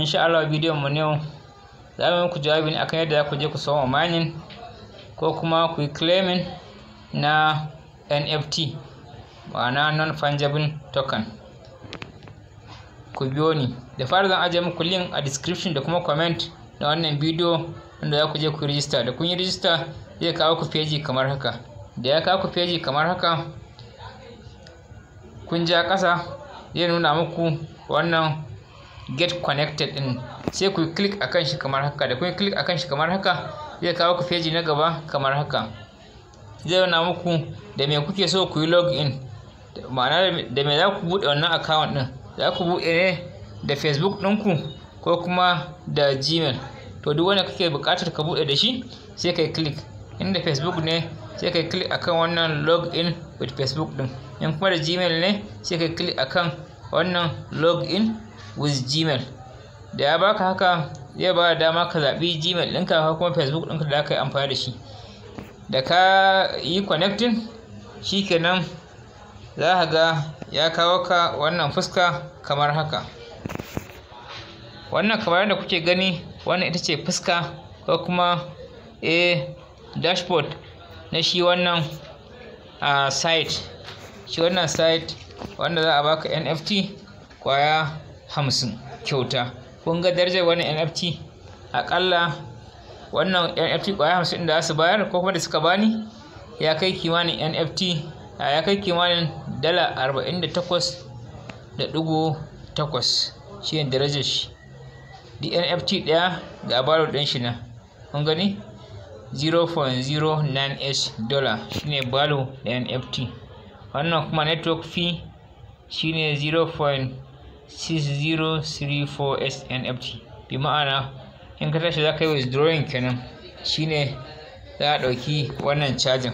insha Allah bidiyon mu ne za mu ku jawabi ne akan yadda za ku je ku samu mining ko kuma ku yi claiming na NFT ma'ana non fungible token ku biyo ni da fara zan ajiye muku link a description da kuma comment na wannan bidiyo wanda za ku je ku yi da kun yi register zai kawo ku feji kamar haka da ya kawo ku feji kamar haka kun ja ƙasa zai nuna muku wannan get connected din sai ku click akan shi kamar haka da kun click akan shi kamar haka zai kawo ku page na gaba kamar haka zai nuna muku da me kuke so ku yi login ma'ana da me za ku buɗe wannan account ɗin za ku buɗe ne da facebook ɗinku ko kuma da gmail to duk wanda kake buƙatar ka buɗe da shi sai kai click da facebook ne sai kai click akan wannan login with facebook din in kuma da gmail ne sai kai click akan wannan log in. with gmail da ya baka haka zai ba da dama ka zaɓi gmail ɗinka ko kuma facebook ɗinka da aka yi amfani da shi da ka yi connecting kenan za ka ga ya kawo ka wannan fuska kamar haka wannan kamar yadda kuke gani wannan ita ce fuska ko kuma a eh, dashboard na shi wannan a site shi wannan site wanda za a baka nft kwaya hamsin kyauta kun ga darajar wani nft aƙalla wannan nft kwaya hamsin da su bayar ko kuma da suka bani ya kai kimanin nft ya kai kimanin dala arba'in da takwas da ɗigo takwas shi ne darajar shi di nft ɗaya ga baro ɗan shi na kun gani s dollar shine balo da nft wannan kuma network fee shine 0. 6034 SNFT bi ma'ana in ka tashi za ka yi withdrawing kenan shine za a ɗauki wannan cajin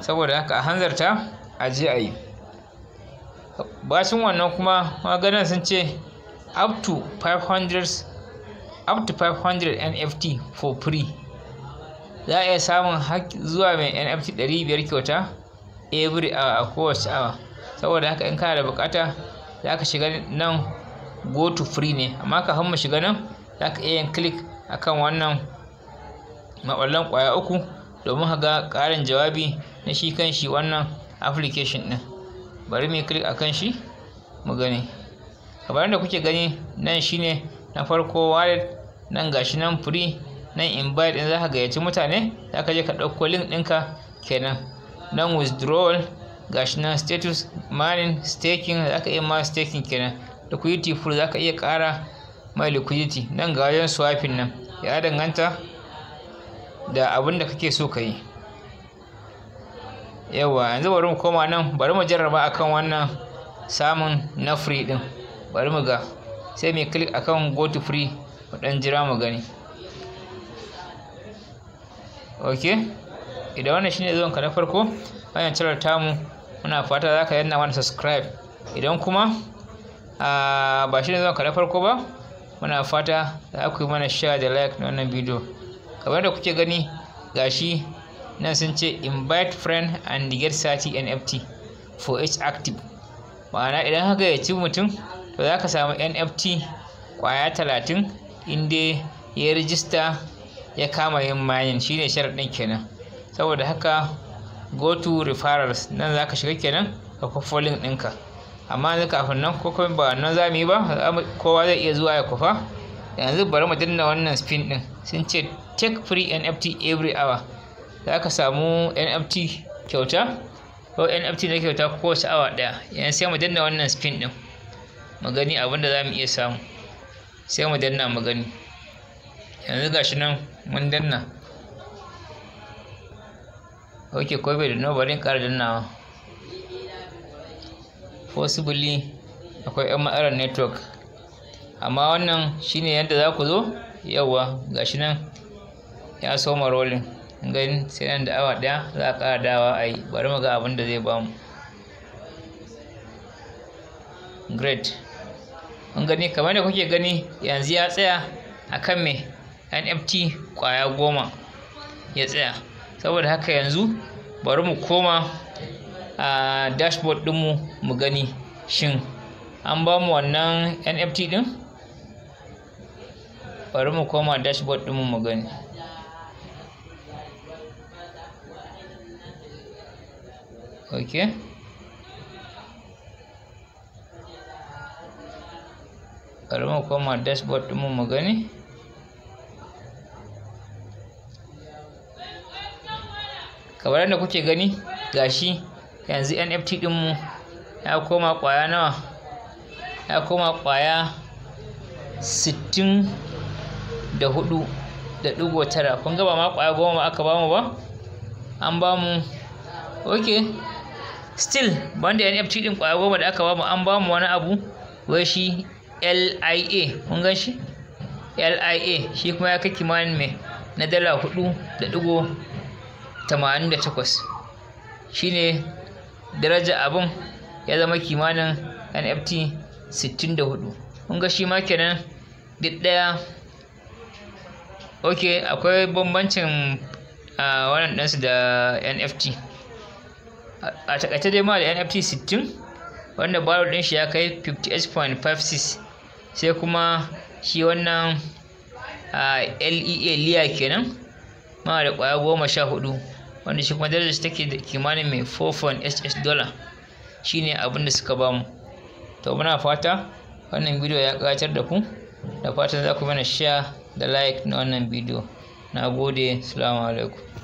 saboda haka a hanzarta a je a yi bacin wannan kuma maganar sun ce up to 500 up to 500 NFT for free za a iya samun zuwa mai NFT 500 kyauta every hour a kowace hour saboda haka in kana da bukata za ka shiga nan go to free ne amma ka mu shiga nan za ka iya yin click akan wannan maballan kwaya uku domin ka ga ƙarin jawabi na shi kan shi wannan application din. bari mu click akan shi mu gani kamar da kuke gani nan shine na farko wallet nan gashi nan free nan invite din zaka gayyaci mutane Za ka je ka ɗauko link ɗinka kenan nan withdrawal gashi nan status mining staking za ka iya ma staking kenan liquidity pool za ka iya kara mai liquidity nan ga wajen swapping nan ya danganta da abin da kake so ka yi yawa yanzu bari mu koma nan bari mu jarraba akan wannan samun na free din bari mu ga sai mai click akan go to free mu dan jira mu gani ok idan wannan shine zuwan ka na farko bayan cirar tamu muna fata za ka yanna mana subscribe idan kuma ba shi ne zan na farko ba muna fata za ku yi mana share da like na wannan bidiyo kamar da kuke gani gashi nan sun ce invite friend and get sati nft for each active ma'ana idan haka ya ci mutum to za ka samu nft kwaya 30 inda ya rijista ya kama yin mayan shine sharaɗin kenan saboda haka go to referrals nan za ka shiga kenan ka kwafo link ɗinka amma yanzu kafin nan ko kuma ba nan za mu yi ba kowa zai iya zuwa ya kufa yanzu bari mu danna wannan spin ɗin sun ce take free nft every hour za ka samu nft kyauta ko nft na kyauta ko kowace awa ɗaya yanzu sai mu danna wannan spin ɗin mu gani abin da za mu iya samu sai mu danna mu gani yanzu gashi nan mun danna ok covid no nawa bari in ƙara dannawa possibly akwai yan matsalar network amma wannan shine yadda za ku zo yauwa gashi nan ya soma rolling gani sai nan da awa ɗaya za a ƙara dawa a yi bari mu ga abin da zai bamu great kun gani kamar da kuke gani yanzu ya tsaya A kan me nft kwaya goma ya tsaya saboda haka yanzu bari mu koma a dashboard ɗinmu mu gani shin an ba mu wannan nft din? bari mu koma dashboard ɗinmu mu gani ok bari mu koma dashboard ɗinmu mu gani kamar yadda kuke gani gashi yanzu nft ɗinmu ya koma kwaya nawa ya koma kwaya 64.9 kun ga ba ma kwaya goma aka bamu ba an bamu ok still banda nft ɗin kwaya goma da aka bamu an bamu wani abu wai shi lia kun gan shi lia shi kuma ya kai kimanin mai na dala hudu 88 ne daraja abun ya zama kimanin nft 64 kun shi ma kenan duk ɗaya ok akwai bambancin a wannan ɗansu da nft a takaita dai ma da nft 60 wanda baro ɗin shi ya kai 58.56 sai kuma shi wannan e lea liya kenan ma da kwaya goma sha hudu wanda shi kuma darajar take da kimanin mai 4.hh dollar shine abin da suka bamu to muna fata wannan bidiyo ya ƙayatar da ku da fata za ku mana share da like na wannan bidiyo na gode salamu alaikum